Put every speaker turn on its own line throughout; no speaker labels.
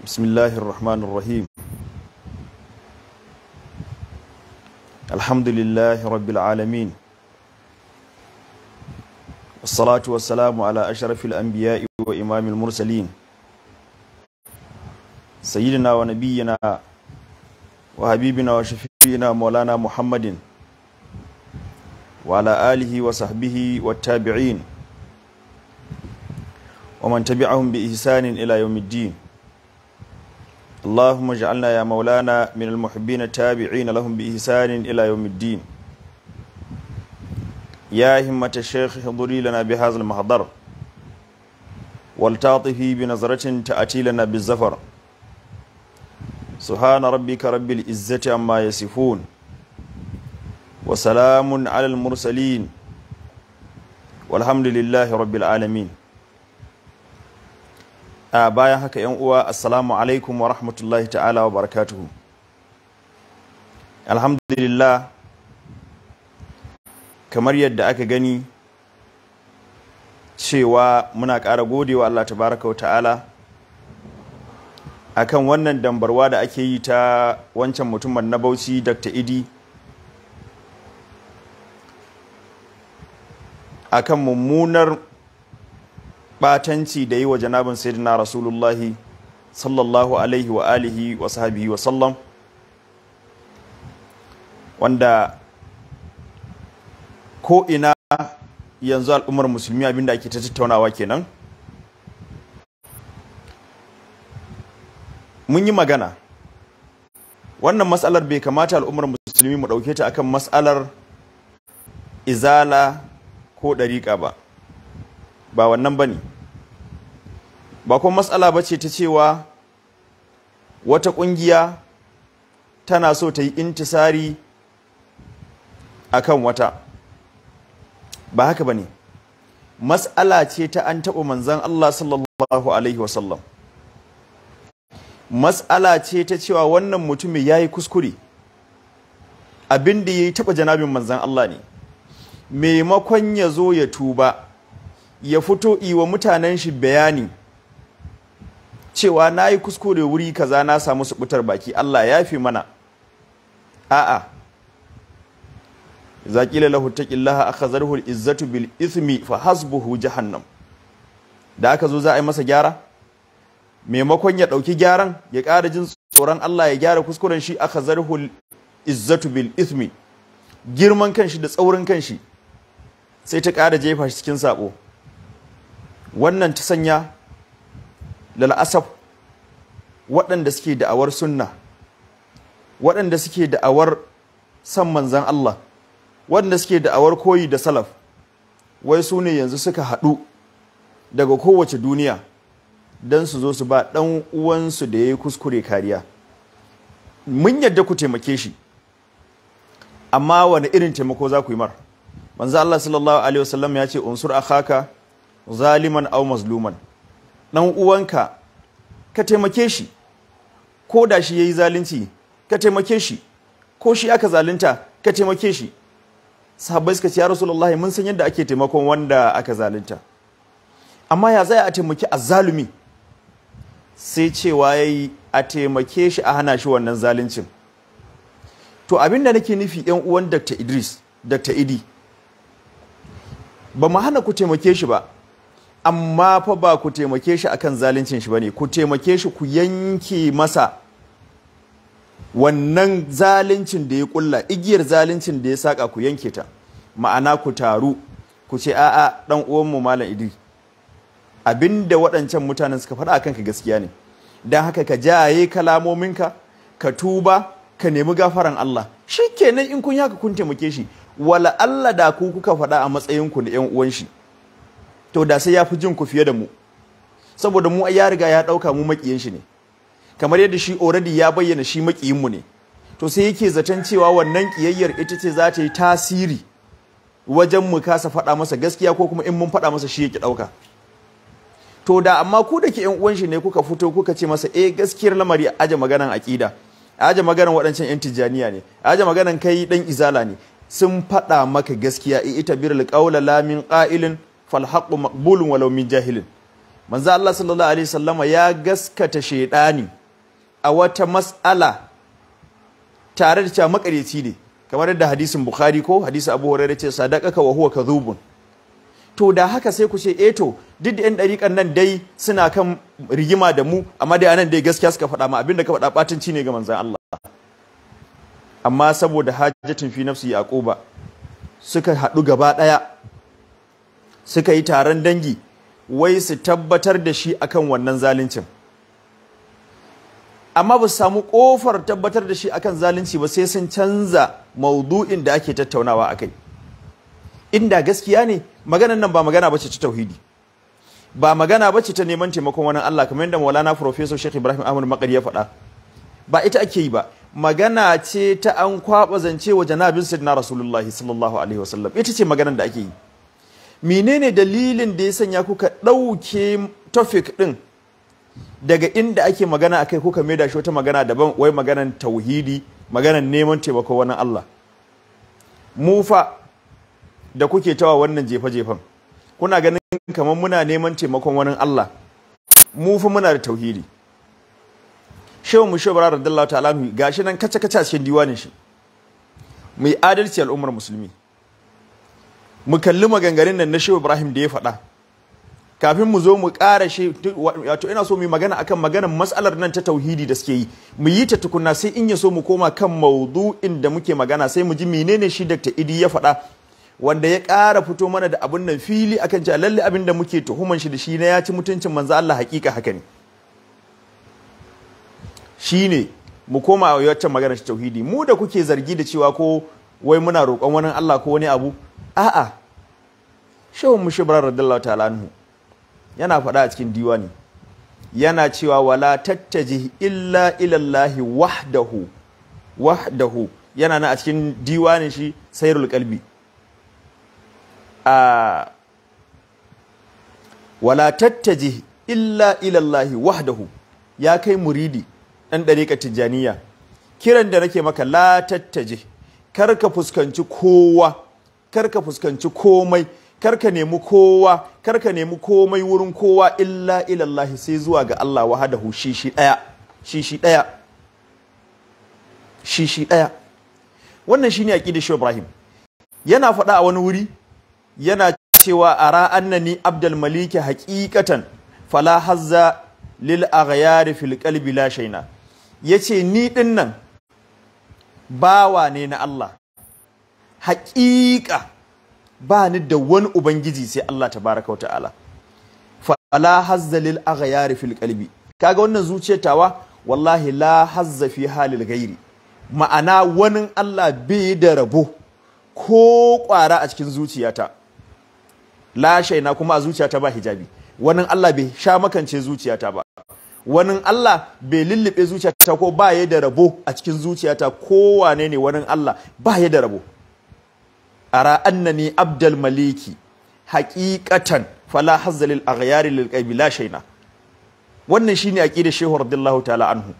بسم الله الرحمن الرحيم الحمد لله رب العالمين الصلاة والسلام على أشرف الأنبياء وإمام المرسلين سيدنا ونبينا وحبيبنا وشفينا مولانا محمد وعلى آله وصحبه والتابعين ومن تبعهم بإحسان إلى يوم الدين اللهم اجعلنا يا مولانا من المحبين التابعين لهم بإحسان إلى يوم الدين يا همة الشيخ حضري لنا بهذا المحضر والتعطفي بنظرة تأتي لنا بالزفر سبحان ربك رب العزة عما يصفون وسلام على المرسلين والحمد لله رب العالمين a bayan haka yan uwa assalamu alaikum wa rahmatullahi ta'ala wa barakatuhu alhamdulillah kamar yadda aka gani cewa muna ƙara godewa Allah tabaraka wa ta'ala akan wannan dambarwa da ake yi ta wancan mutumin na bauchi dr idi akan mummunar batanci da yi wa janabin sayyidina rasulullahi sallallahu alaihi wa alihi wa sahabihi wa sallam wanda ko ina yanzu al'ummar musulmi abinda ake ta tattaunawa kenan mun yi magana wannan matsalar bai kamata al'ummar musulmi mu ɗauke ta akan matsalar izala ko ɗariƙa ba ba wannan ba ne ba kuma matsala ba ta cewa wata ƙungiya tana so ta yi intisari a kan wata ba haka ba ne matsala ce ta an taɓa manzan Allah sallallahu Alaihi wasallam matsala ce ta cewa wannan mutumin ya yi kuskure abin da ya yi taɓa janabin manzan Allah ne maimakon ya zo ya tuba ya fito iwa mutanen shi bayani cewa na yi kuskure wuri kaza na samu subutar baki Allah ya fi mana a'a za ƙila lahu taƙillaha aka zarhul izzatu bil ismi fa hasbuhu jahannam da aka zo za a yi masa gyara maimakon ya ɗauki gyaran ya ƙara jin tsoron Allah ya gyara kuskuren shi aka zarhul izzatu bil ismi girman kanshi da tsaurin kanshi sai ta ƙara jefa shi cikin saƙo wannan ta sanya lal'asaf waɗanda suke da'awar sunna waɗanda suke da'awar san manzan Allah waɗanda suke da'awar koyi da salaf wai su ne yanzu suka haɗu daga kowace duniya don su zo su ba ɗan uwansu da ya yi kuskure kariya mun yadda ku taimake shi amma wani irin taimako za ku yi mar manzan Allah sallallahu alaihi wasallam ya ce unsur akhaka zaliman au mazluman dan uwanka ka taimake shi ko da shi yayi zalunci ka taimake shi ko shi aka zalunta ka taimake shi sahabbai suka ce ya rasulullahi mun san yadda ake taimakon wanda aka zalunta amma ya zai a taimaki azzalumi sai cewa yayi a taimake shi a hana shi wannan zaluncin to abin da nake nufi yan uwan Dr. Idris Dr. Idi ba mu hana ku taimake shi ba amma fa ba ku taimake shi akan zaluncin shi bane ku taimake shi ku yanke masa wannan zaluncin da ya kulla igiyar zaluncin da ya saka ku yanke ta ma'ana ku taru ku ce a'a dan uwan mu malam idi abinda waɗancan mutanen suka faɗa akan ka gaskiya ne dan haka ka jaye kalamomin ka ka tuba ka nemi gafaran Allah shikenan in kun yaka kun taimake shi wala Allah da ku kuka faɗa a matsayin ku da ƴan uwan shi to da sai ya fi jin ku fiye da mu saboda mu ya riga ya dauka mu makiyin shi ne kamar yadda shi already ya bayyana shi makiyin mu ne to sai yake zaton cewa wannan kiyayyar ita ce za ta yi tasiri wajen mu kasa faɗa masa gaskiya ko kuma in mun faɗa masa shi yake dauka. to da amma ku da ke yan uwan shi ne kuka fito kuka ce masa eh gaskiyar lamari aje maganan akida aje maganan waɗancan yan tijaniya ne aje maganan kai dan izala ne sun faɗa maka gaskiya eh, ita birul qawla lamin qa'ilin fal maqbulun walau min jahilin manzo Allah sallallahu alaihi wasallama ya gaskata shaidani a wata mas'ala tare da cewa makareci ne kamar yadda hadisin Bukhari ko hadisi Abu Hurairah ce sadaqaka wa huwa kadhubun to da haka sai ku ce eh to duk da yan dariƙan nan dai suna kan rigima da mu amma dai anan dai gaskiya suka faɗa ma abinda ka faɗa batunci ne ga manzon Allah amma saboda hajjatin fi nafsi yaquba suka haɗu gaba ɗaya suka yi taron dangi wai su tabbatar da shi akan wannan zaluncin amma ba su samu kofar tabbatar da shi akan zalunci ba sai sun canza maudu'in da ake tattaunawa a kai. inda gaskiya ne maganan nan ba magana bace ta tauhidi ba magana bace ta neman taimakon wani Allah kamar yadda Maulana Professor Sheikh Ibrahim Ahmad Makari ya faɗa ba ita ake yi ba magana ce ta an kwaba zance wa janabin sayyidina Rasulullahi sallallahu alaihi wasallam ita ce maganar da ake yi menene dalilin da ya sanya kuka ɗauke tofik ɗin daga inda ake magana a kai kuka maida shi wata magana daban wai maganan tauhidi maganan neman taimako wani Allah mu fa da kuke tawa wannan jefa-jefan kuna ganin kamar muna neman taimakon wani Allah mu muna da tauhidi shehu mu shehu radallahu ta'ala gashi nan kaca-kaca a cikin diwanin shi mu yi adalci al'ummar musulmi mu kalli maganganun nan na Shehu Ibrahim da ya faɗa kafin mu zo mu ƙara shi wato ina so mu yi magana akan maganar matsalar nan ta tauhidi da suke yi mu yi ta tukunna sai in ya so mu koma kan maudu'in da muke magana sai mu ji menene shi Dr. Idi ya faɗa wanda ya ƙara fito mana da abin nan fili akan cewa lalle abin da muke tuhuman shi da shi na ya ci mutuncin manzo Allah hakika haka ne shine mu koma wacce magana shi tauhidi mu da kuke zargi da cewa ko wai muna roƙon wani Allah ko wani abu a'a shehun mushibrar radallahu ta'ala anhu yana faɗa a cikin diwani yana cewa wala tattaji illa ilallahi wahdahu wahdahu yana na a cikin diwanin shi sairul kalbi wala tattaji illa ilallahi wahdahu ya kai muridi ɗan ɗariƙa tijjaniya kiran da nake maka la tattaji kar ka fuskanci kowa karka fuskanci komai karka ka nemi kowa kar nemi komai wurin kowa illa ilallahi sai zuwa ga Allah wahadahu shi shi daya shi shi daya shi shi daya wannan shine aqidar Shehu Ibrahim yana faɗa a wani wuri yana cewa ara annani abdul maliki haqiqatan fala hazza lil aghyar fil qalbi la shayna yace ni dinnan bawa ne na Allah haƙiƙa ba ni da wani ubangiji sai Allah tabaraka wata'ala fala hazza lil aghyari fil qalbi kaga wannan zuciyatawa wallahi la hazza fi halil ghairi ma'ana wani Allah bai da rabo ko ƙwara a cikin zuciyata la shaina kuma a zuciyata ba hijabi wani Allah bai sha makance zuciyata ba wani Allah bai lullube zuciyata ko ba ya da rabo a cikin zuciyata Ko wane ne wani Allah ba ya da rabo ara annani abdal maliki haqiqatan fala hazza lil aghyari lil qaybi la shayna wannan shine da shehu radiyallahu ta'ala anhu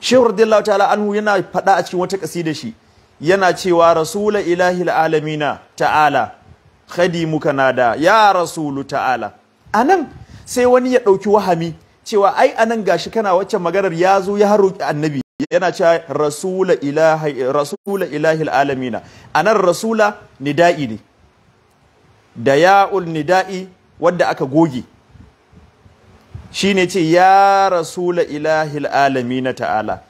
shehu radiyallahu ta'ala anhu yana faɗa a cikin wata kasida shi yana cewa rasula ilahi alamina ta'ala khadimuka da ya rasulu ta'ala anan sai wani ya ɗauki wahami cewa ai anan gashi kana wacce maganar ya zo ya roki annabi yana cewa rasula ilahi rasula ilahil alamina anan rasula nida'i ne da ya'ul nida'i wanda aka goge shine ce ya rasula ilahil alamina ta'ala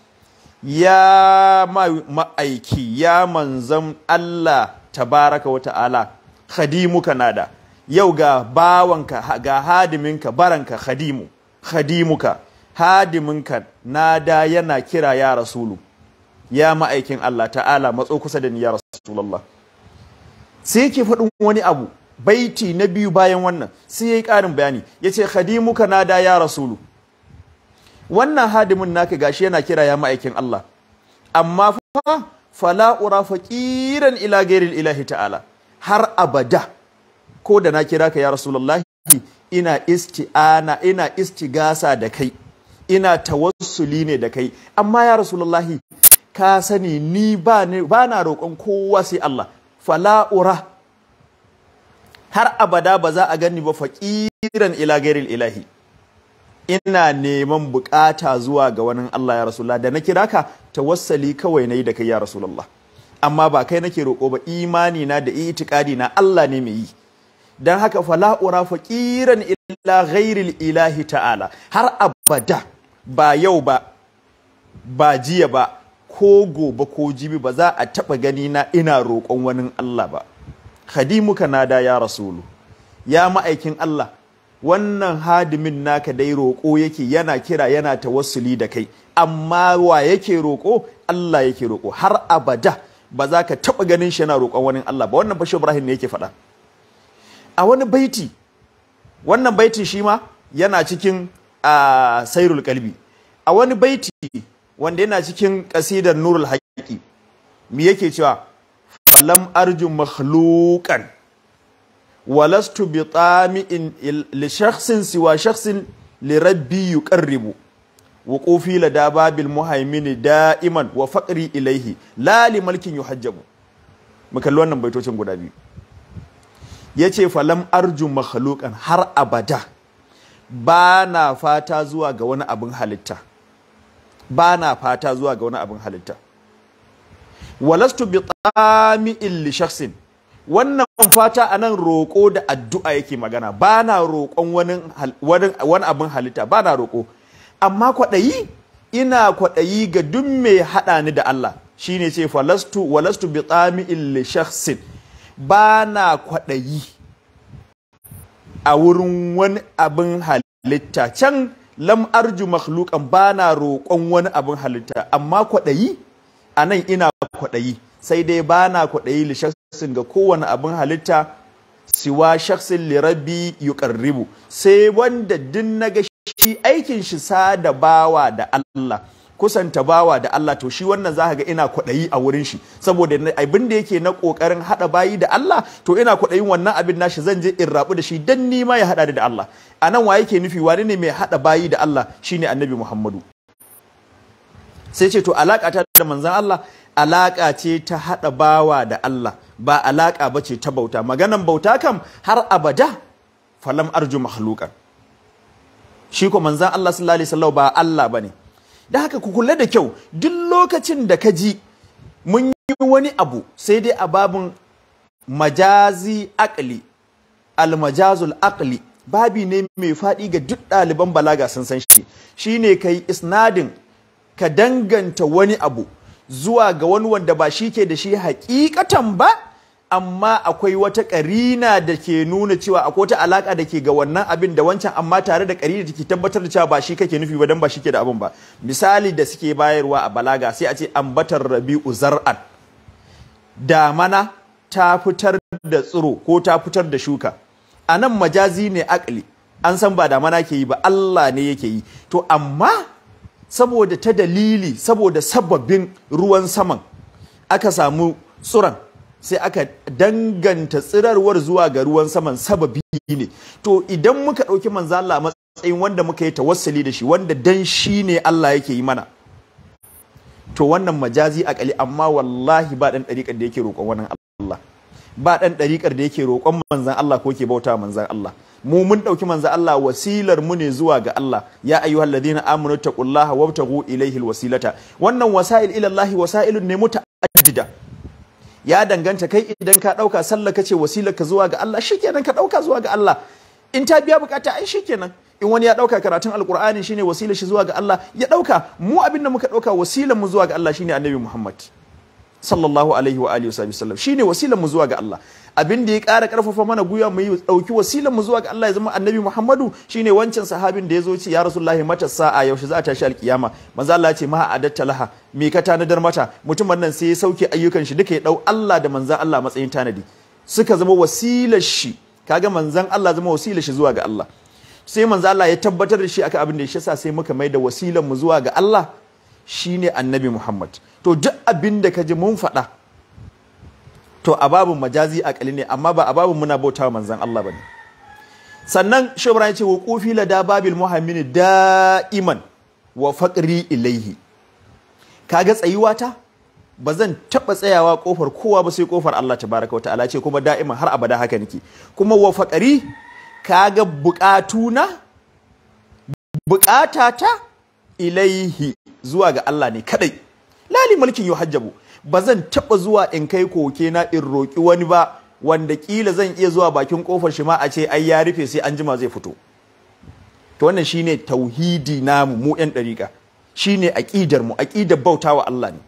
ya ma'aiki ya manzan Allah tabaraka wa ta'ala khadimuka nada yau ga bawanka ga hadiminka baranka khadimu khadimuka hadiminka nada yana kira ya rasulu ya ma'aikin Allah ta'ala matso kusa da ni ya rasulullah sai yake faɗin wani abu baiti na biyu bayan wannan sai yayi ƙarin bayani yace khadimuka nada ya rasulu wannan hadimin naka gashi yana kira ya ma'aikin Allah amma fa fala ura ila ghairil ilahi ta'ala har abada ko da na kira ka ya rasulullahi ina isti'ana ina istigasa da kai ina tawassuli ne da kai amma ya rasulullahi ka sani ni ba na roƙon kowa sai Allah fala har abada ba za a gani ba faƙiran ila ilahi ina neman bukata zuwa ga wani Allah ya rasulullah da na kira ka tawassali kawai nayi da kai ya rasulullah amma ba kai nake roƙo ba imani na da itikadi na Allah ne mai yi dan haka fala'ura faƙiran ila gairil ilahi ta'ala har abada ba yau ba ba jiya ba ko gobe ko jibi ba za a taɓa gani na ina roƙon wani Allah ba khadimuka da ya rasulu ya ma'aikin Allah wannan hadimin naka dai roƙo yake yana kira yana ta wasuli da kai amma wa yake roƙo Allah yake roƙo har abada ba za ka taɓa ganin shi yana roƙon wani Allah ba wannan bashi Ibrahim ne yake faɗa a wani baiti wannan baitin shi ma yana cikin a sairul kalbi a wani baiti wanda yana cikin kasidar nurul haqiqi me yake cewa lam arju makhluqan walastu bi tami'in li shakhsin siwa shakhsin li rabbi yuqarribu wuqufi lada babil muhaimini da'iman wa faqri ilaihi la li malkin yuhajjabu mu kalli wannan baitocin guda biyu yace falam arju makhluqan har abada ba na fata zuwa ga wani abin halitta ba na fata zuwa ga wani abin halitta walastu bi tsami'in li shaksin wannan fata nan roƙo da addu'a yake magana ba na roƙon wani abin halitta ba na roƙo amma kwaɗayi ina kwaɗayi ga duk mai haɗa ni da Allah shine ce falastu walastu bi tsami'in li shaksin ba na kwaɗayi a wurin wani abin halitta can lam arju makhluqan ba na roƙon wani abin halitta amma kwaɗayi a nan ina kwaɗayi sai dai ba na kwaɗayi li shaksin ga kowane abin halitta siwa shaksin lirabi yuqarribu sai wanda din naga shi aikin shi sada bawa da Allah kusanta bawa da Allah to shi wannan za ga ina kwaɗayi a wurin shi saboda abin da yake na ƙoƙarin haɗa bayi da Allah to ina kwaɗayin wannan abin nashi zan je in rabu da shi dan ni ma ya haɗa da Allah a nan wa yake nufi wani ne mai haɗa bayi da Allah shine annabi Muhammadu sai ce to alaƙa ta da manzan Allah alaƙa ce ta haɗa bawa da Allah ba alaƙa ba ce ta bauta maganan bauta kam har abada falam arju mahlukan shi ko manzon Allah sallallahu alaihi wasallam ba Allah bane da haka ku kula da kyau duk lokacin da ka ji mun yi wani abu sai dai a babin majazi akali almajazul akali babi ne mai faɗi ga duk ɗaliban balaga sun san shi shine ka isnadin ka danganta wani abu zuwa ga wani wanda ba shi ke da shi hakikatan ba amma akwai wata karina da ke nuna cewa akwai wata alaka da ke ga wannan abin da wancan amma tare da karina da ke tabbatar da cewa ba shi kake nufi ba dan ba shi ke da abin ba misali da suke bayarwa a balaga sai a ce ambatar rabi'u da damana ta fitar da tsiro ko ta fitar da shuka a nan majazi ne akli an san ba damana ke yi ba Allah ne yake yi to amma saboda ta dalili saboda sababbin ruwan saman aka samu tsiron sai aka danganta tsirarwar zuwa ga ruwan saman sababi ne to idan muka ɗauki manzo Allah matsayin wanda muka yi tawassuli da shi wanda dan shi ne Allah yake yi mana to wannan majazi kali amma wallahi ba dan dariƙar da yake roƙon wannan Allah ba dan ɗariƙar da yake roƙon manzan Allah ko ke bauta manzan Allah mu mun ɗauki manzan Allah wasilar mu ne zuwa ga Allah ya ayyuhal ladina amanu taqullaha wabtagu ilayhi wasilata. wannan wasail ila Allah wasailun ne mutaaddida ya danganta kai idan ka ɗauka sallah ce wasilar ka zuwa ga Allah shikenan ka ɗauka zuwa ga Allah in ta biya bukata ai shikenan in wani ya ɗauka karatun alkur'ani shine wasilar shi zuwa ga Allah ya ɗauka mu abin da muka ɗauka wasilar mu zuwa ga Allah shine annabi Muhammad sallallahu alaihi wa alihi wasallam shine wasilan mu zuwa ga Allah abin da ya kara karfafa mana guya mu yi dauki wasilan mu zuwa ga Allah ya zama annabi Muhammadu shine wancan sahabin da ya zo ce ya Rasulullahi mata sa'a yaushe za a shi alkiyama manzo Allah ce ma adatta laha me ka tanadar mata mutumin nan sai ya sauke ayyukan shi duka ya dau Allah da manzo Allah matsayin tanadi suka zama wasilar shi kaga manzon Allah zama wasilar shi zuwa ga Allah sai manzo Allah ya tabbatar da shi akan abin da ya sa sai muka mai da wasilan mu zuwa ga Allah Shi ne annabi Muhammad to duk abin da kaji mun faɗa to a babu majazi akali ne amma ba a babu muna bauta manzan Allah bane sannan shi yace ce wuqufi la da babil da'iman wa faqri ilaihi kaga tsayuwa ta ba zan taɓa tsayawa ƙofar kowa ba sai kofar Allah tabaraka wa ta'ala ce kuma da'iman har abada haka nake kuma wa faƙari kaga bukatuna ta ilaihi zuwa ga Allah ne kadai lali mulkin yau hajjabu ba zan taba zuwa in kai koke na in roƙi wani ba wanda ƙila zan iya zuwa bakin kofar shi ma a ce ai ya rufe sai an jima zai fito to wannan shine tauhidi namu mu yan dariƙa shine aqidar mu bauta wa Allah ne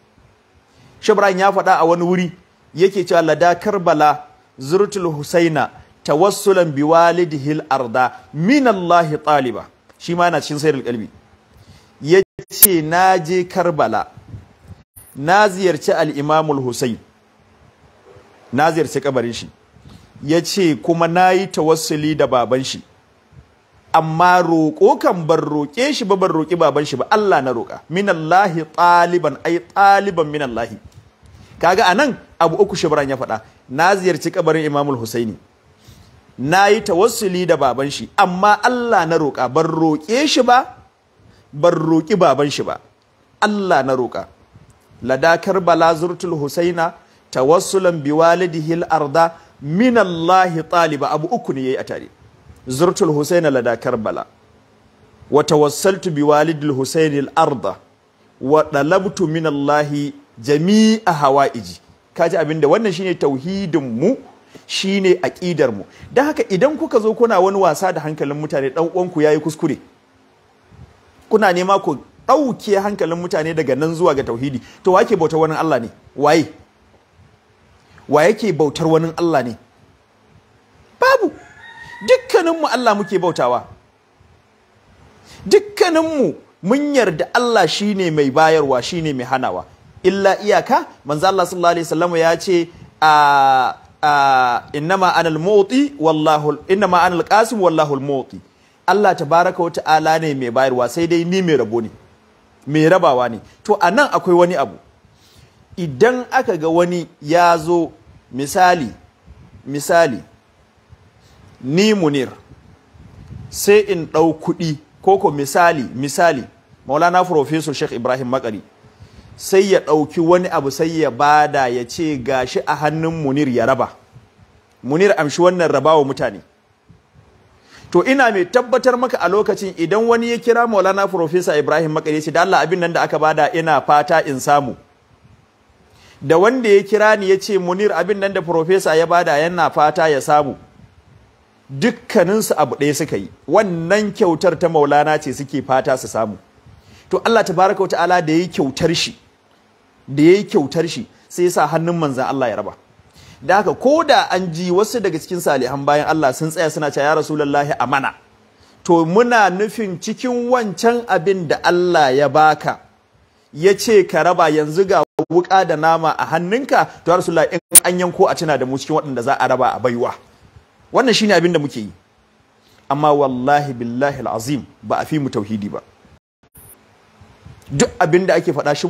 Shabran ya faɗa a wani wuri yake cewa lada Karbala zurtul Husaina tawassulan biwalidihil arda minallahi taliba shi ma yana cikin da ƙalbi. ce na je Karbala na ziyarci al’imamul imamul na ziyarci kabarin shi yace kuma na yi tawassuli da baban shi amma roƙo kan ban roƙe shi ba ban roƙi baban shi ba Allah na roƙa minallahi ɗaliban ai taliban minallahi kaga anan abu uku shibran ya faɗa na ziyarci kabarin Imamul Husaini na yi tawassuli da baban shi amma Allah na roƙa ban roƙe shi ba ban roƙi baban shi ba Allah na roƙa ladakar balazurtul husaina tawassulan walidi hil arda min Allah taliba abu uku ne yayi a tare zurtul husaina ladakar bala wa tawassaltu walidil husaini al-arda wa dalabtu min Allah jami'a hawaiji kaji abinda wannan shine tauhidin mu shine aqidar mu dan haka idan kuka zo kuna wani wasa da hankalin mutane ɗan uwanku yi kuskure kuna nema ku ɗauke hankalin mutane daga nan zuwa ga tauhidi to wake bautar wani Allah ne waye wa yake bautar wani Allah ne babu dukkaninmu Allah muke bautawa dukkaninmu mun yarda Allah shine mai bayarwa shine mai hanawa illa iyaka manzo Allah sallallahu alaihi wasallam ya ce a innama anal muti wallahu innama anal qasim wallahu al muti Allah ta baraka wata ala ne mai bayarwa sai dai ni mai rabo ne mai rabawa ne to a nan akwai wani abu idan aka ga wani ya zo misali misali ni munir sai in ɗau kuɗi koko misali misali maulana professor sheikh ibrahim makari sai ya ɗauki wani abu sai ya bada ya ce gashi a hannun munir ya raba munir amshi wannan rabawa mutane to ina mai tabbatar maka a lokacin idan wani ya kira Maulana profesa Ibrahim Makare da Allah abin nan da aka bada ina fata in samu da wanda ya kira ni ya ce Munir abin nan da profesa ya bada yana fata ya samu dukkaninsu abu ɗaya suka yi wannan kyautar ta Maulana ce suke fata su samu to Allah tabaraka wa ta'ala da ya kyautar da yayi kyautar shi sai ya sa hannun manzan Allah ya raba da haka ko da an ji wasu daga cikin salihan bayan Allah sun tsaya suna cewa ya rasulullahi amana to muna nufin cikin wancan abin da Allah ya baka ya ce ka raba yanzu ga wuka da nama a hannunka to ya rasulullahi in an yanko a cina da mu cikin waɗanda za a raba a baiwa wannan shine abin da muke yi amma wallahi billahi alazim ba a fi mu tauhidi ba duk abin da ake faɗa shi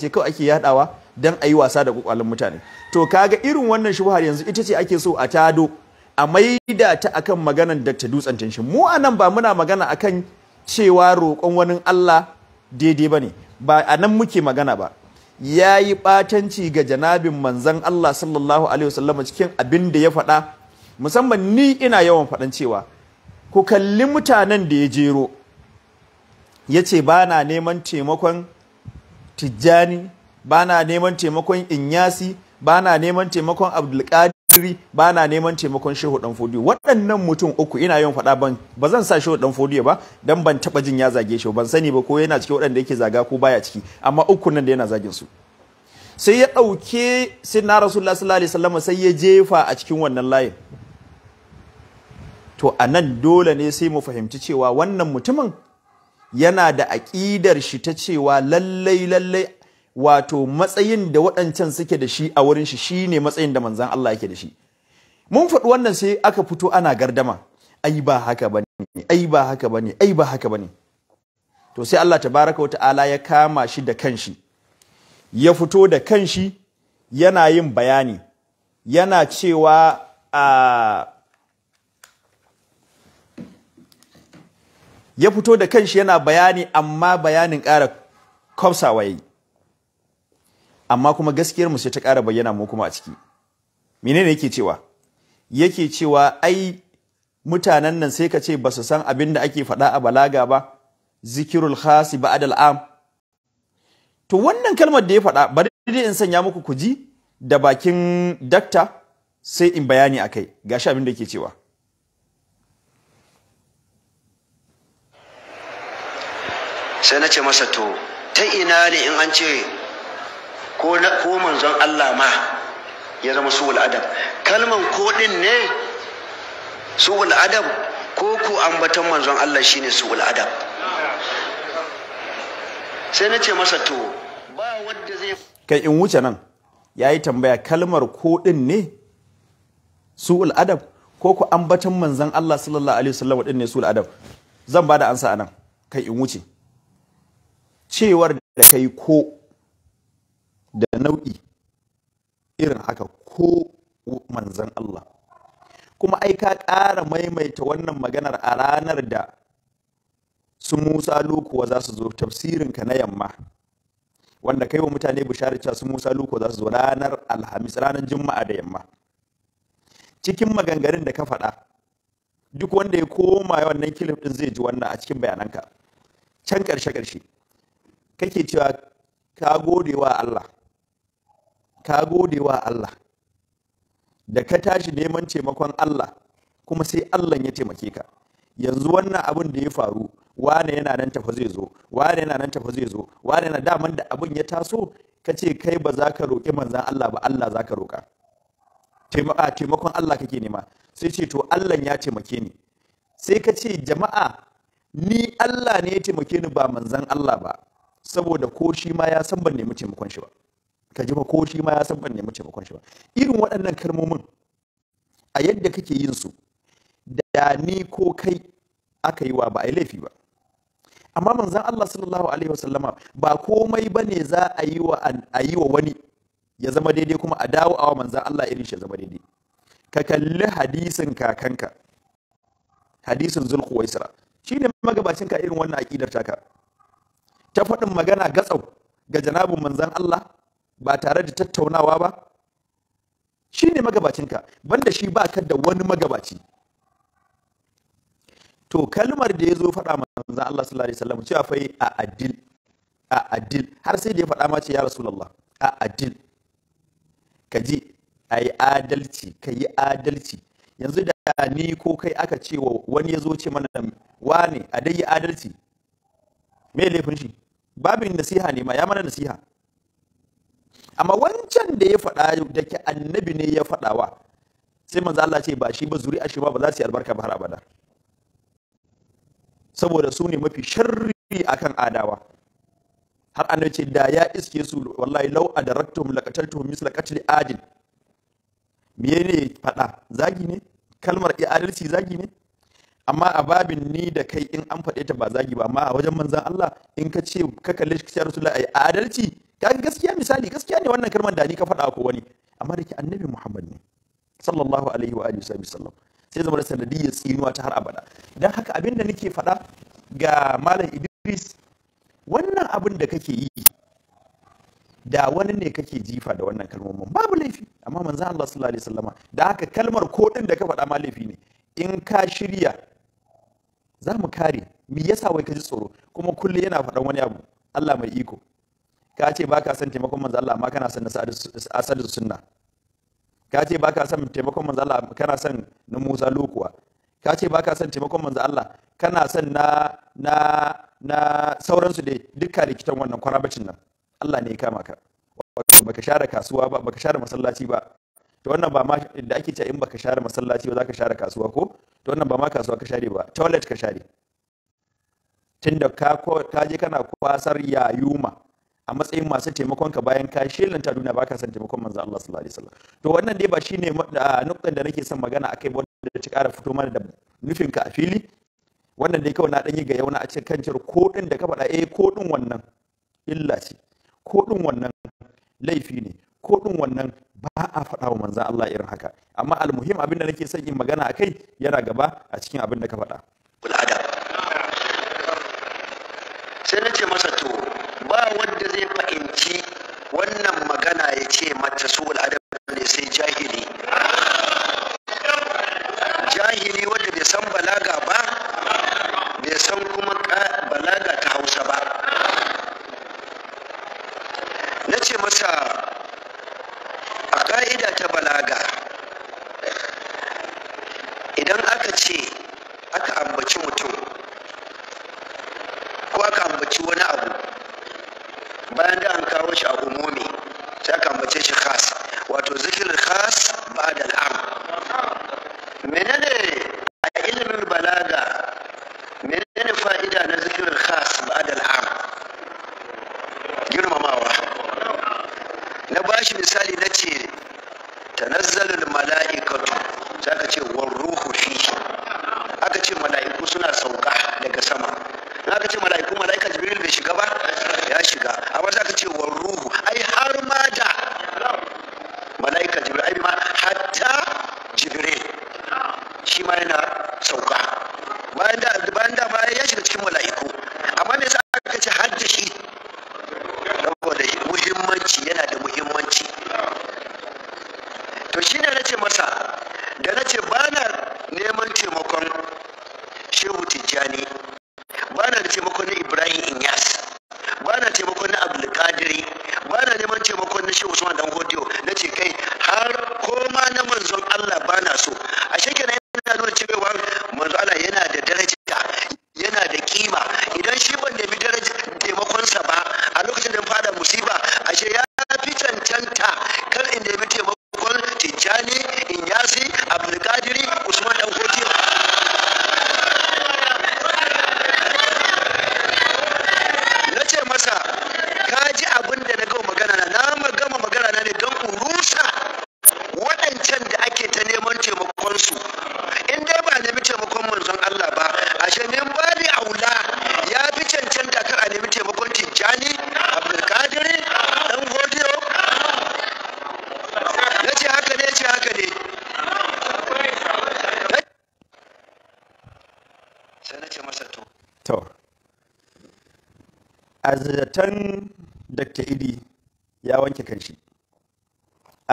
ce kawai ake yadawa don a yi wasa da kwakwalin mutane to kaga irin wannan shubhar yanzu ita ce ake so a tado a maida ta akan maganan Dr. Dutsen Tanshi mu anan ba muna magana akan cewa roƙon wani Allah daidai ba ne. ba anan muke magana ba yayi batanci ga janabin manzon Allah sallallahu alaihi wasallam cikin abin da ya faɗa musamman ni ina yawan faɗan cewa ku kalli mutanen da ya jero ya ce ba neman taimakon tijjani bana neman taimakon inyasi bana neman taimakon abdulkadiri bana neman taimakon shehu dan fodiyo waɗannan mutum uku ina yin faɗa ban ba zan sa shehu dan fodiyo ba dan ban taɓa jin ya zage shi ban sani ba ko yana cikin waɗanda yake zaga ko baya ciki amma uku nan da yana zagin su sai ya ɗauke sai na rasulullah sallallahu alaihi wasallam sai ya jefa a cikin wannan layin to a nan dole ne sai mu fahimci cewa wannan mutumin yana da aƙidar shi ta cewa lallai lallai wato matsayin da waɗancan suke da shi a wurin shi shi ne matsayin da manzan Allah yake da shi mun faɗi wannan sai aka fito ana gardama ai ba haka ba ne, ai ba haka ba ne, ai ba haka ba ne. to sai Allah baraka wa ta'ala ya kama shi da kanshi ya fito da kanshi yana yin bayani yana cewa a ya fito da kanshi yana bayani amma bayanin ƙara kwafsawa yayi amma kuma gaskiyar mu sai ta ƙara bayyana mu kuma a ciki menene yake cewa yake cewa ai mutanen nan sai ka ce ba su san abin da ake faɗa a balaga ba zikirul khasi adal am to wannan kalmar da ya faɗa bari dai in sanya muku kuji da bakin dakta sai in bayani akai gashi abin da yake cewa
sai na ce masa to ta ina ne in an ce ko na ko manzon Allah ma ya zama suwul adab kalman ko din ne suwul adab ko ku ambaton manzon Allah shine suwul adab sai na ce masa to ba
wanda zai kai in wuce nan yayi tambaya kalmar ko din ne suwul adab ko ku ambatan manzon Allah sallallahu alaihi wasallam din ne suwul adab zan ba da ansa anan kai in wuce cewar da kai ko da nau'i irin haka ko manzan Allah kuma ai ka ƙara maimaita wannan maganar a ranar da su Musa Lukuwa za su zo tafsirinka na yamma wanda kai wa mutane bishara cewa su Musa Lukuwa za su zo ranar Alhamis ranar Juma'a da yamma cikin maganganun da ka faɗa duk wanda ya koma wannan kilif din zai ji wannan a cikin bayananka can ƙarshe ƙarshe kake cewa ka gode wa Allah ka gode wa Allah da ka tashi neman taimakon Allah kuma sai Allah ya taimake ka yanzu wannan abin da ya faru wane yana nan tafa zai zo wane yana nan tafa zai zo wane yana daman da abin ya taso ka ce kai ba za ka roƙi manzan Allah ba Allah za ka roƙa taimakon Allah kake nema sai ce to Allah ya taimake ni sai ka ce jama'a ni Allah ne ya taimake ni ba manzan Allah ba saboda ko shi ma ya san ban nemi taimakon shi ba ka ji ba ko shi ma ya san ban nemi taimakon shi ba irin waɗannan kalmomin a yadda kake yin su da ni ko kai aka yi wa ba a yi laifi ba amma manzan Allah sallallahu alaihi wasallama ba komai bane za a yi wa a yi wa wani ya zama daidai kuma a dawo a manzan Allah irin shi ya zama daidai ka kalli hadisin kakanka hadisin zulkuwaisra shine magabacin ka irin wannan aqidar taka ta faɗin magana gatsau ga janabin manzan Allah ba tare da tattaunawa ba shi ne magabacinka banda shi ba ka da wani magabaci to kalmar da ya zo faɗa manzo Allah sallallahu alaihi wasallam cewa fai a adil a adil har sai da ya faɗa ma ce ya rasulullah a adil ka ji a yi adalci ka yi adalci yanzu da ni ko kai aka ce wa wani ya zo ce mana wane a dai yi adalci me laifin shi babin nasiha ne ma ya mana nasiha amma wancan da ya faɗa da ke annabi ne ya faɗawa sai manzo Allah ce ba shi ba zuri a shi ba ba za su yi albarka ba har abada saboda su ne mafi sharri akan adawa har annabi ce da ya iske su wallahi law adarattum laqataltum misla qatl adil me ne faɗa zagi ne kalmar adalci zagi ne amma a babin ni da kai in an faɗe ta ba zagi ba amma a wajen manzan Allah in ka ce ka kalle shi ka Rasulullah ai adalci ka gaskiya misali gaskiya ne wannan karman da ni ka faɗa ko wani amma da ke annabi Muhammad ne sallallahu alaihi wa alihi wasallam sai zama da sanadiyyar tsinuwa ta har abada dan haka abin da nake faɗa ga malam Idris wannan abin da kake yi da wani ne kake jifa da wannan kalmomin babu laifi amma manzan Allah sallallahu alaihi wasallama da haka kalmar ko din da ka faɗa ma laifi ne in ka shirya za mu kare mi yasa wai ka ji tsoro kuma kullum yana faɗan wani abu Allah mai iko ka ce ba ka son taimakon manzo Allah amma kana son na sadu sunna ka ce ba ka son taimakon manzo Allah kana son na Musa lokuwa ka ce ba ka son taimakon manzo Allah kana son na na na sauransu dai dukkan likitan wannan kwarabacin nan Allah ne ya kama ka baka share kasuwa ba baka share masallaci ba to wannan ba ma da ake cewa in baka share masallaci ba za ka share kasuwa ko to wannan ba ma kasuwa ka share ba toilet ka share tunda ka ka je kana kwasar yayuma a matsayin masu taimakon ka bayan ka shelanta duniya baka san taimakon manzo Allah sallallahu alaihi wasallam to wannan dai ba shine nuktan da nake son magana akai ba da ci ƙara fito mana da nufin ka a fili wannan dai kawai na dan yi ga yauna a cikin cire ko din da ka faɗa eh ko din wannan illa ce ko din wannan laifi ne ko ɗin wannan ba a faɗa wa manzan Allah irin haka amma almuhim abin da nake son yin magana a kai yana gaba a cikin abin da ka faɗa.
sai na ce masa to ba wanda zai fahimci wannan magana ya ce mata su al'adab ne sai jahili jahili wanda bai san balaga ba bai san kuma balaga ta hausa ba na ce masa ka'ida ta balaga idan aka ce aka ambaci mutum ko aka ambaci wani abu bayan da an kawo shi a umumi sai aka ambace shi khas wato zikir khas ba da al'am menene tijani inyasi abdulkadiri usman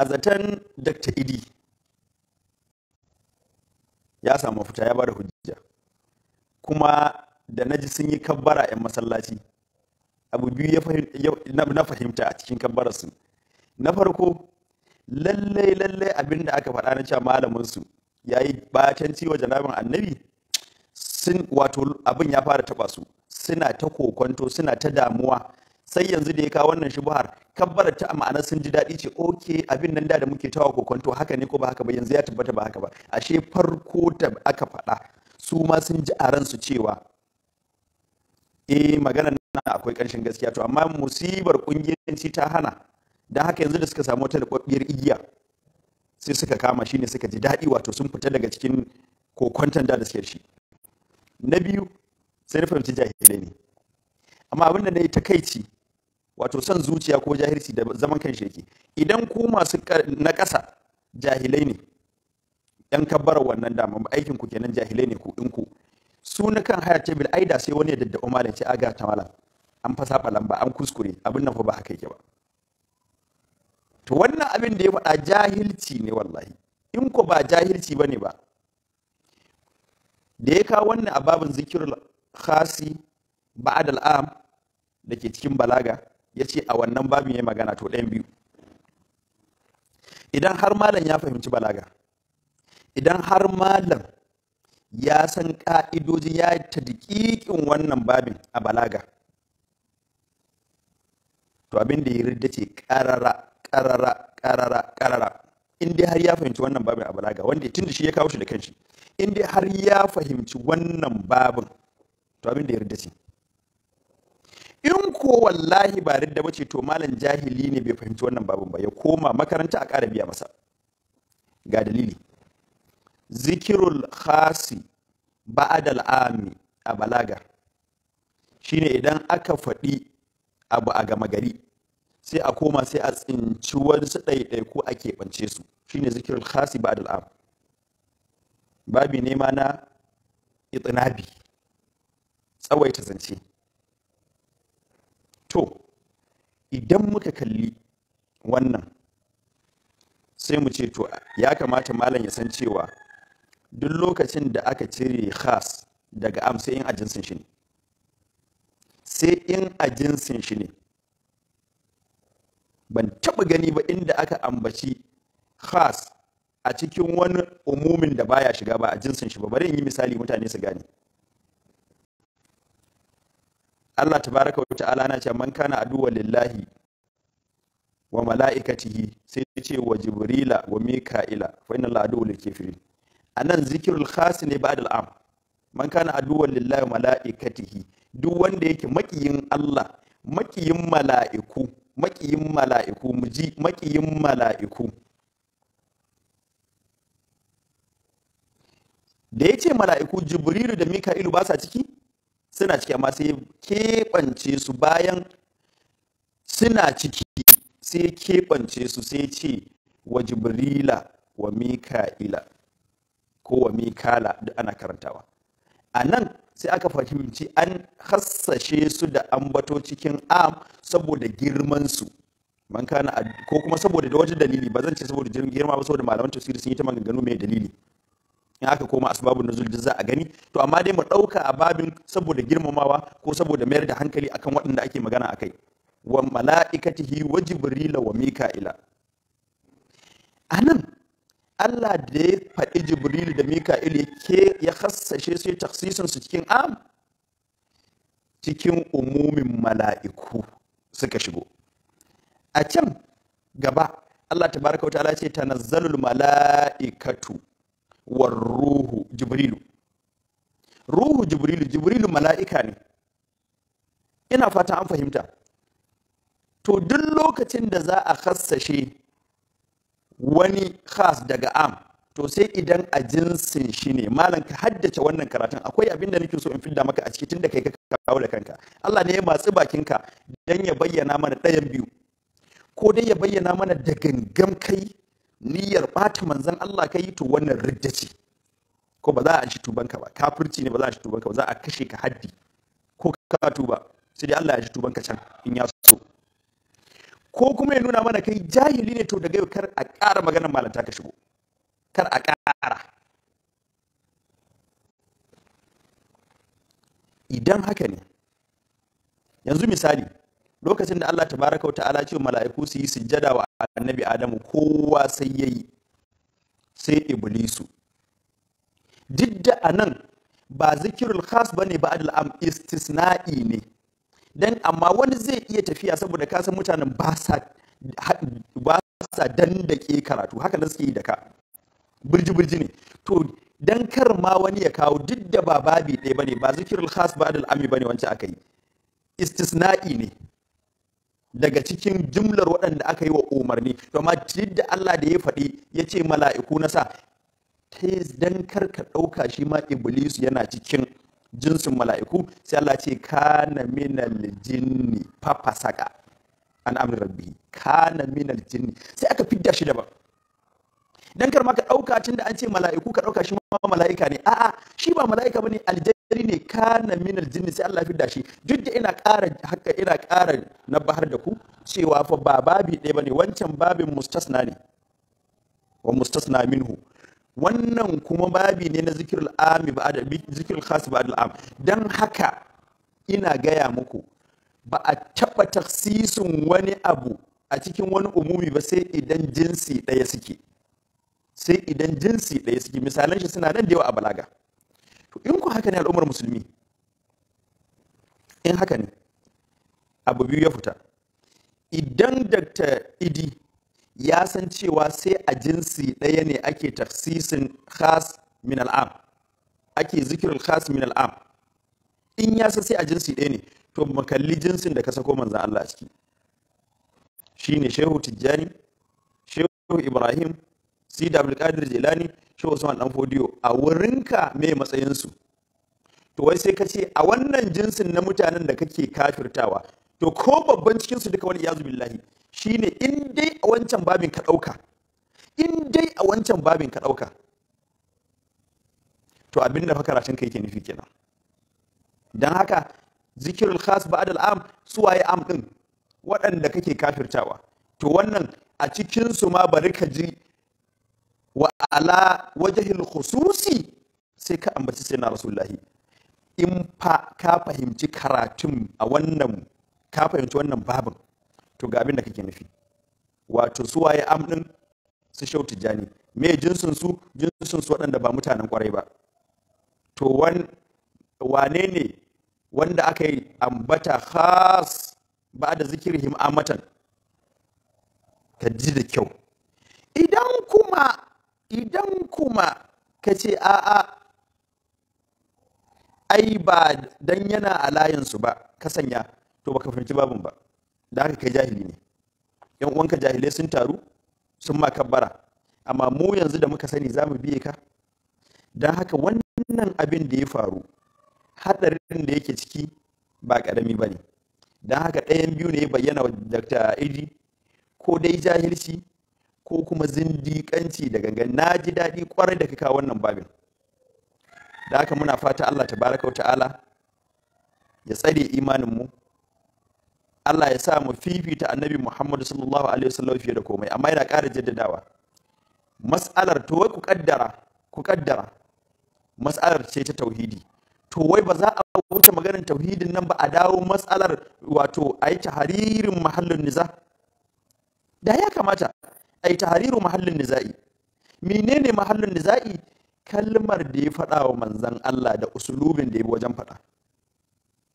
zaton dr idi ya samu fita ya ba da hujja kuma da naji sun yi kabbara 'yan masallaci abu biyu na fahimta a cikin kabbararsu na farko lallai lallai abin da aka faɗa na cewa malaminsu ya yi batanci wa janabin annabi sun wato abin ya fara taɓa su suna ta kokonto suna ta damuwa sai yanzu da ya kawo wannan shubuhar kabbara ta ma'ana sun ji daɗi ce oke abin nan da da muke tawa kokonto haka ne ko ba haka ba yanzu ya tabbata ba haka ba ashe farko da aka faɗa su ma sun ji a ransu cewa eh magana na akwai ƙarshen gaskiya to amma musibar ƙungiyanci ta hana don haka yanzu da suka samu wata laɓaɓɓiyar igiya sai suka kama shi ne suka ji daɗi wato sun fita daga cikin kokonton da suke shi na biyu sai na fahimci jahilai ne amma abin da na yi takaici wato son zuciya ko jahilci da zaman kan yake. idan ku masu na ƙasa jahilai ne yan kabbara wannan dama aikin ku kenan jahilai ne ku in ku su na kan haya ce bil aida sai wani ya dadda malam ce aga ta malam an fasa falan ba an kuskure abin nan fa ba haka yake ba to wannan abin da ya faɗa jahilci ne wallahi in ku ba jahilci bane ba da ya kawo wannan ababin zikirul khasi ba'ad al'am da ke cikin balaga ya ce a wannan babin ya magana to ɗayan biyu idan har malam ya fahimci balaga idan har malam ya san ƙa'idoji ya ta dikikin wannan babin a balaga to abin da ya rida ce ƙarara ƙarara ƙarara ƙarara in dai har ya fahimci wannan babin a balaga wanda tun da shi ya kawo shi da kanshi in dai har ya fahimci wannan babin to abin da ya rida ce in ko wallahi ba ridda ba ce to malam jahili ne bai fahimci wannan babin ba ya koma makaranta a ƙara biya masa ga dalili zikirul khasi ba'adal ami a balaga shine idan aka faɗi abu a gama gari sai a koma sai a tsinci wasu ɗaiɗai ko a keɓance su shine zikirul khasi ba'adal am babi nema na itinabi tsawaita zance to idan muka kalli wannan sai mu ce to ya kamata malam ya san cewa duk lokacin da aka cire khas daga am sai in a jinsin shi ne sai in a shi ne ban taɓa gani ba inda aka ambaci khas a cikin wani umumin da baya shiga ba a jinsin shi ba bari in yi misali mutane su gane Allah tabaraka wa ta'ala na ce man kana aduwa lillahi wa mala'ikatihi sai ya ce wa jibrila wa mika'ila fa inna Allah aduwwul kafirin anan zikirul khas ne ba'd al'am man kana aduwa lillahi wa mala'ikatihi duk wanda yake makiyin Allah makiyin mala'iku makiyin mala'iku muji makiyin mala'iku da yace mala'iku jibrilu da mika'ilu ba sa ciki suna ciki amma sai keɓance su bayan suna ciki sai keɓance su sai ce wa jibrila wa mika'ila ko wa mikala da ana karantawa a nan sai aka fahimci an hassashe su da ambato cikin am saboda girmansu. ko kuma saboda da wata dalili ba zan ce saboda girma ba saboda malaman tafsiri sun yi ta maganganu mai dalili in aka koma asbabun nuzul duk za a gani to amma dai mu ɗauka a babin saboda girmamawa ko saboda mayar da hankali akan waɗanda ake magana akai wa mala'ikatihi wa jibrila wa mika'ila anan Allah da ya faɗi jibril da mika'il ya hassashe su taksisin su cikin am cikin umumin mala'iku suka shigo a can gaba Allah tabaraka wa ta'ala ce tanazzalul mala'ikatu ruhu jibrilu jibrilu mala'ika ne ina fata an fahimta to duk lokacin da za a kassashe wani khas daga am to sai idan a jinsin shi ne malam ka haddace wannan karatun akwai abin da nake so in fidda maka a ciki tunda kai ka kawo da kanka Allah ne ya matsi bakinka don ya bayyana mana ɗayan biyu ko dai ya bayyana mana da gangam kai niyyar bata manzan Allah ka yi to wannan ridda ce ko ba za a ci tubanka ba kafirci ne ba za a ci tubanka ba za a kashe ka haddi ko ka tuba sai dai Allah ya ji tubanka can in ya so ko kuma ya nuna mana kai jahili ne to daga yau kar a ƙara maganar malanta ka shigo kar a ƙara idan haka ne yanzu misali lokacin da Allah tabaraka wa ta'ala ce mala'iku su yi sujjada wa annabi Adamu kowa sai yayi sai iblisu duk anan ba zikirul khas bane ba adal am istisna'i ne dan amma wani zai iya tafiya saboda ka san mutanen ba sa ba sa dandake karatu haka da suke yi da ka burji burji ne to dan kar ma wani ya kawo duk ba babi ɗaya bane ba zikirul khas ba adal ami bane wancan aka yi istisna'i ne daga cikin jumlar waɗanda aka yi wa umarni to ma da Allah da ya faɗi ya ce mala'iku na sa ta dan kar ka ɗauka shi ma iblis yana cikin jinsin mala'iku sai Allah ce kana minal jinni fafasaka an amri rabbi kana minal jinni sai aka fidda shi daban dan kar ma ka dauka tun da an ce mala'iku ka dauka shi ma mala'ika ne a'a shi ba mala'ika bane aljari ne kana min aljinni sai Allah fidda shi duk da ina ƙara haka ina ƙara na bahar da ku cewa fa ba babi ɗaya bane wancan babin mustasna ne wa mustasna minhu wannan kuma babi ne na zikirul ami da zikirul khas ba'da am dan haka ina gaya muku ba a taba taksisin wani abu a cikin wani umumi ba sai idan jinsi ɗaya suke sai idan jinsi ɗaya suke misalan shi suna nan da yawa a balaga to in ku haka ne al'ummar musulmi in haka ne abu biyu ya fita idan dr idi ya san cewa sai a jinsi ɗaya ne ake tafsisin khas min al'am ake zikirin khas min al'am in ya san sai a jinsi ɗaya ne to mu kalli jinsin da ka sako manzan Allah a ciki shine shehu tijjani shehu ibrahim CW Kadir Jelani shi Usman dan Fodiyo a wurinka me matsayinsu? to wai sai ka ce a wannan jinsin na mutanen da kake kafirtawa to ko babban cikinsu duka wani yazu billahi shine in dai a wancan babin ka dauka in dai a wancan babin ka dauka to abin da karatun kai ke nufi kenan dan haka zikirul khas ba'd am suwaye am din waɗanda kake kafirtawa to wannan a cikin su ma bari ka ji wa ala wajahil khususi sai ka ambaci sai na rasulullahi in fa ka fahimci karatun a wannan ka fahimci wannan babin to ga abin da kake nufi wato su waye amdin su shau tijjani me jinsin su jinsin su waɗanda ba mutanen kwarai ba to wan wane ne wanda aka yi ambata khas ba da zikirihim amatan
ka ji da kyau
idan kuma idan kuma ka ce a'a ai ba dan yana a layinsu ba ka sanya to baka fahimci babin ba da haka kai jahili ne yan uwanka jahilai sun taru sun ma kabbara amma mu yanzu da muka sani zamu mu biye ka dan haka wannan abin da ya faru haɗarin da yake ciki ba karami bane dan haka ɗayan biyu ne ya bayyana wa dr idi ko dai jahilci ko kuma zindiƙanci da gangan na ji daɗi kwarai da kika wannan babin da haka muna fata Allah ta wa ta'ala ya tsare imaninmu Allah ya sa mu fifita annabi Muhammadu sallallahu alaihi wasallam fiye da komai amma yana ƙara jaddadawa mas'alar to wai ku kaddara ku kaddara mas'alar ce ta tauhidi to wai ba za a wuce maganar tauhidin nan ba a dawo mas'alar wato a yi taharirin mahallin niza da ya kamata ai tahriru mahallin nizai menene mahallin nizai kalmar da ya faɗa wa manzan Allah da usulubin da ya wajen faɗa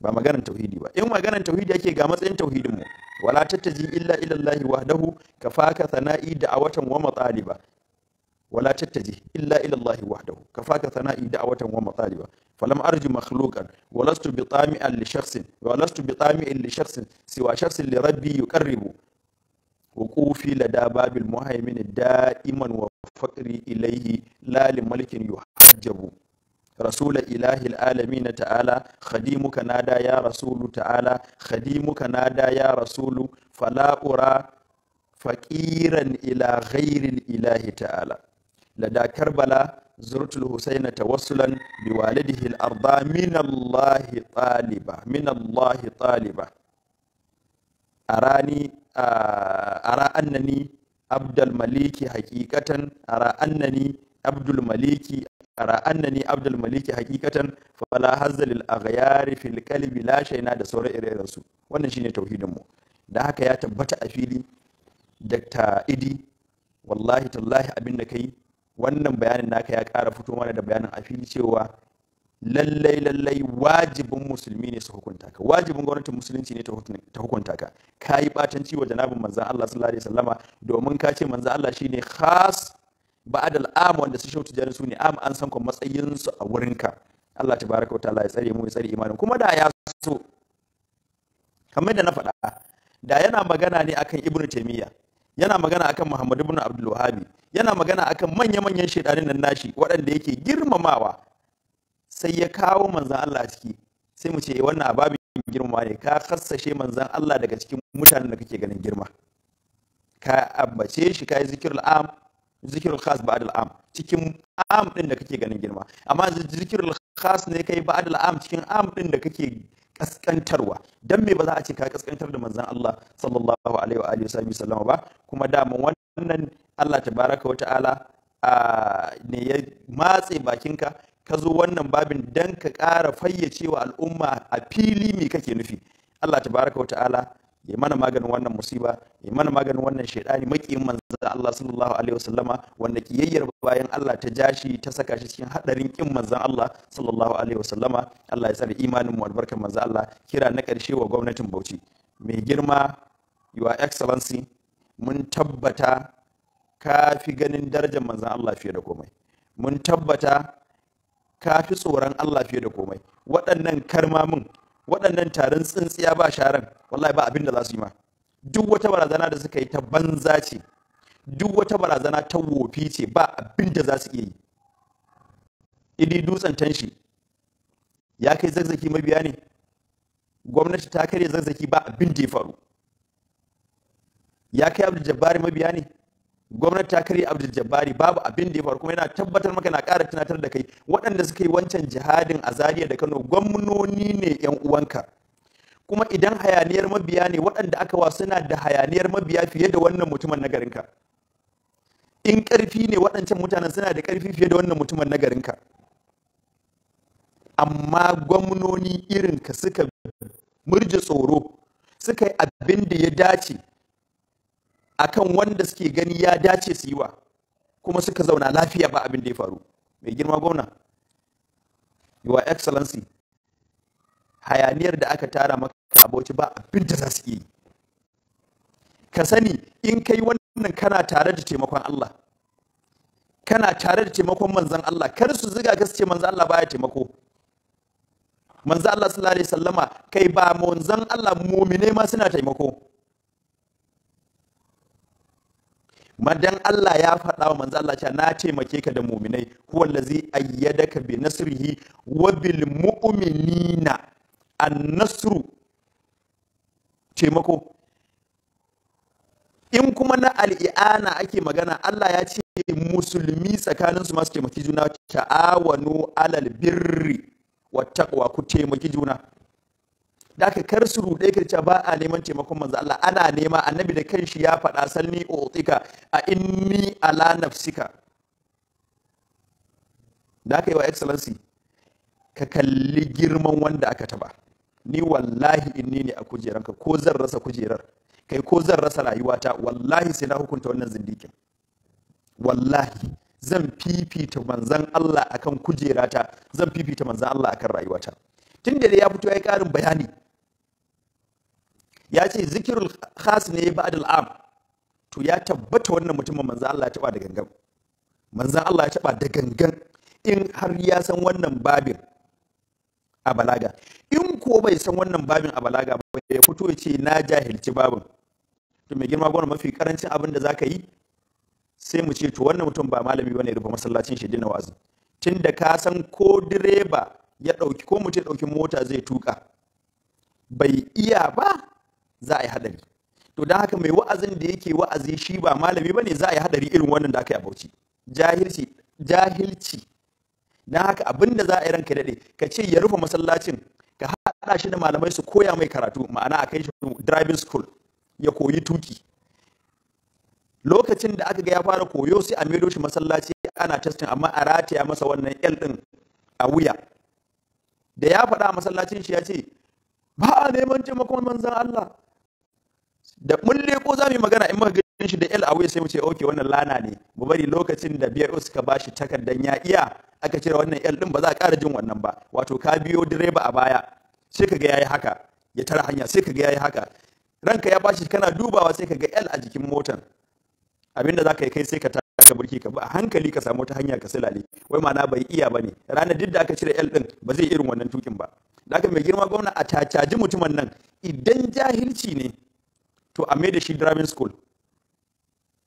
ba maganar tauhidi ba in maganar tauhidi yake ga matsayin tauhidin mu wala tattaji illa ila Allah wahdahu kafaka sana'i awatan wa matsaliba. wala tattaji illa ila Allah wahdahu kafaka sana'i awatan wa matsaliba falam arju makhluqan walastu bi tami'an li shakhsin walastu bi tami'in li shakhsin siwa shakhsin li rabbi yuqarribu wuqufi lada babil muhaimin da'iman wa faqri ilaihi lali malikin yuhajjabu rasul ilahi alamin ta'ala khadimuka nada ya rasu ta'ala khadimuka nada ya rasulu fala ura ila ghairi ilahi ta'ala lada karbala zurtul husaina tawassulan biwalidihi al-arda min allahi taliba min allahi taliba ara annani abdul maliki hakikatan ara annani abdul maliki ara annani abdul maliki hakikatan fala hazal al aghyar fil la shayna da sauran ire su wannan shine tauhidin mu da haka ya tabbata a fili Dr. Idi wallahi tallahi abin da kai wannan bayanin naka ya ƙara fito mana da bayanin a fili cewa lallai lallai wajibin musulmi ne su hukunta ka wajibin gwamnatin musulunci ne ta hukunta ka ka yi batanci wa janabin manzan Allah sallallahu alaihi wasallama domin ka ce manzan Allah shine khas ba'adal am wanda su shautu jarin su ne am an san ku matsayin su a wurin ka Allah tabaraka wa ta'ala ya tsare mu ya tsare imanin kuma da ya so kamar da na faɗa da yana magana ne akan ibnu taymiya yana magana akan muhammad ibnu abdul yana magana akan manya manyan shaidanin nan nashi waɗanda yake girmamawa sai ya kawo manzan Allah ciki sai mu ce eh, wannan babin girma ne ka kassashe manzan Allah daga cikin mutanen da kake ganin girma ka ambace shi ka yi zikirul am zikirul khas ba'd am cikin am din da kake ganin girma amma zikirul khas ne kai ba'd am cikin am din da kake kaskantarwa dan me ba za a ce ka kaskantar da manzan Allah sallallahu alaihi wa alihi wasallam ba kuma dama wannan Allah tabaraka wa ta'ala ne ya matse bakinka ka zo wannan babin dan ka ƙara fayyace wa al'umma a fili me kake nufi Allah tabaraka wa ta'ala ya mana maganin wannan musiba ya mana maganin wannan shaidani makiyin manzan Allah sallallahu alaihi wasallama wanda kiyayyar bayan Allah ta jashi ta saka shi cikin hadarin kin manzan Allah sallallahu alaihi wasallama Allah ya da imanin mu albarkar manzon Allah kira na karshe wa gwamnatin Bauchi mai girma your excellency mun tabbata ka fi ganin darajar manzan Allah fiye da komai mun tabbata ka fi tsoron Allah fiye da komai waɗannan karmamin waɗannan tarin tsintsiya ba sharan wallahi ba abin da za su yi ma duk wata barazana da suka yi ta banza ce duk wata barazana ta wofi ce ba abin da za su iya yi idi dutsen tanshi ya kai zazzaki mabiya ne gwamnati ta karya zazzaki ba abin da ya faru ya kai abdul jabbari mabiya ne gwamnati ta karya abdul jabbari babu abin da ya faru kuma yana tabbatar maka na ƙara tunatar da kai waɗanda suka yi wancan jihadin a Zariya da kano gwamnoni ne yan uwanka kuma idan hayaniyar mabiya ne waɗanda aka wa suna da hayaniyar mabiya fiye da wannan mutumin na garinka in ƙarfi ne waɗancan mutanen suna da ƙarfi fiye da wannan mutumin na garinka amma gwamnoni irinka suka murje tsoro suka yi abin da ya dace akan wanda suke gani ya dace su yi wa kuma suka zauna lafiya ba abin da ya faru mai girma gwamna your excellency hayaniyar da aka tara maka abauci ba
abin da za su yi
ka sani in ka yi wannan kana tare da taimakon Allah kana tare da taimakon manzan Allah kar su ziga ka su ce manzan Allah baya taimako manzan Allah sallallahu alaihi sallama kai ba manzan Allah mumine ma suna taimako madan Allah ya faɗa wa manzo Allah cewa na taimake ka da mu'minai huwallazi ayyadaka bi nasrihi wa bil mu'minina an taimako in kuma na al'i'ana ake magana Allah ya ce musulmi tsakaninsu masu taimaki juna ta'awanu alal birri wa taqwa ku taimaki juna da aka kar su rude ka cewa ba a neman taimakon manzo Allah ana nema annabi da kanshi ya faɗa salni utika a inni ala nafsika da aka yi wa excellency ka kalli girman wanda aka taba ni wallahi inni ne a kujeranka ko zan rasa kujerar kai ko zan rasa rayuwata wallahi sai na hukunta wannan zindikin wallahi zan fifita manzan Allah akan kujerata zan fifita manzan Allah akan rayuwata tun da ya fito ya yi karin bayani ya ce zikirul khas ne ba'dal am to ya tabbata wannan mutumin manzo Allah ya taba da gangan manzo Allah ya taba da gangan in har ya san wannan babin a balaga in ko bai san wannan babin a balaga ba ya fito ya ce na jahilci babin to mai girma gwamna mafi karancin abin da zaka yi sai mu ce to wannan mutum ba malami bane rufe masallacin shi dina wa'azi tunda ka san ko direba ya dauki ko mutum ya dauki mota zai tuka bai iya ba za a yi hadari to don haka mai wa'azin da yake wa'azi shi ba malami ba ne, za a yi hadari irin wannan da aka yi a Bauchi jahilci jahilci don haka abin da za a yi ranka daɗe ka ce ya rufe masallacin ka haɗa shi da malamai su koya mai karatu ma'ana a kai shi driving school ya koyi tuki lokacin da aka ga ya fara koyo sai a maido shi masallaci ana testin amma a rataya masa wannan yal ɗin a wuya da ya faɗa masallacin shi ya ce ba a neman taimakon manzan Allah da mulle ko za mu yi magana in muka gani shi da el away sai mu ce okay wannan lana ne mu bari lokacin da biyar suka bashi takardan ya iya aka cire wannan el din ba za a ƙara jin wannan ba wato ka biyo direba a baya sai ka ga yayi haka ya tara hanya sai ka ga yayi haka ranka ya bashi kana dubawa sai ka ga el a jikin motan abinda za ka yi kai sai ka taka burki ka a hankali ka samu ta hanya ka silale wai ma'ana bai iya ba ne ranar duk da aka cire el din ba zai irin wannan tukin ba da aka mai girma gwamna a cacaji mutumin nan idan jahilci ne to a da shi driving school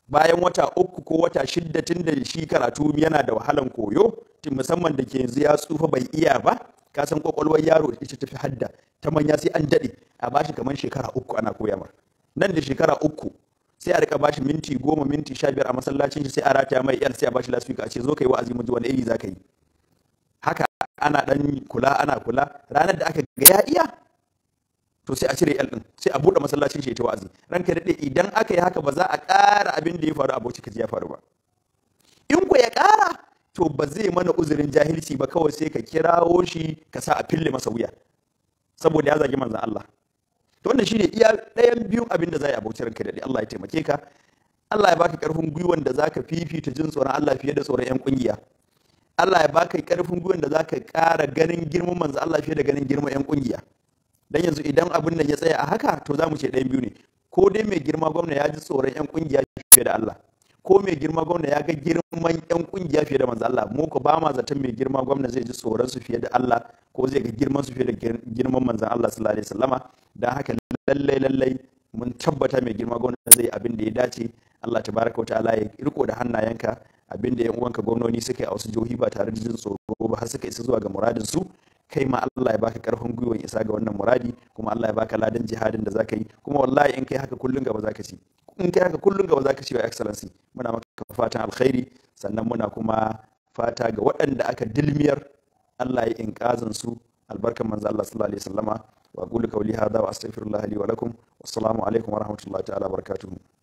bayan wata uku ko wata shidda tun da shi karatu yana da wahalan koyo musamman da ke yanzu ya tsufa bai iya ba ka san kwakwalwar yaro ita tafi hadda ta manya sai an daɗe a bashi kamar shekara uku ana koya mar nan da shekara uku sai a rika bashi minti goma minti sha biyar a masallacin shi sai a rataya mai yan sai a bashi lasfika a ce zo ka yi wa'azi mu ji wani iri za ka yi haka ana dan kula ana kula ranar da aka ga ya iya to sai a cire yal din sai a bude masallacin shi ta wa'azi ranka dade idan aka yi haka ba za a ƙara abin da ya faru a Bauchi kaji ya faru ba in ku ya ƙara to ba zai mana uzurin jahilci ba kawai sai ka kirawo shi ka sa a fille masa wuya saboda ya zagi manzon Allah to wannan shine iya ɗayan biyun abin da za a yi a Bauchi ranka dade Allah ya taimake ka Allah ya baka karfin gwiwan da zaka fifita jin tsoron Allah fiye da tsoron yan kungiya Allah ya baka karfin gwiwan da zaka ƙara ganin girman manzo Allah fiye da ganin girman yan kungiya dan yanzu idan abin nan ya tsaya a haka to za mu ce ɗayan biyu ne ko dai mai girma gwamna ya ji tsoron yan kungiya fiye da Allah ko mai girma gwamna ya ga girman yan kungiya fiye da manzo Allah mu ko ba ma zaton mai girma gwamna zai ji tsoron su fiye da Allah ko zai ga girman su fiye da girman manzo Allah sallallahu alaihi wasallama dan haka lallai lallai mun tabbata mai girma gwamna zai abin da ya dace Allah tabaraka wa ta'ala ya riko da hannayenka abin da yan uwanka gwamnoni suka yi a wasu jihohi ba tare da jin tsoro ba har suka isa zuwa ga muradin su kai ma Allah ya baka karfin gwiwa isa ga wannan muradi kuma Allah ya baka ladan jihadin da zaka yi kuma wallahi in kai haka kullun gaba zaka ci in kai haka kullun gaba zaka ci wa excellency muna maka fatan alkhairi sannan muna kuma fata ga waɗanda aka dilmiyar Allah ya inkazan su albarkan manzo Allah sallallahu alaihi wasallama wa qulu qawli hadha wa astaghfirullah li wa lakum wassalamu alaikum wa rahmatullahi ta'ala barakatuhu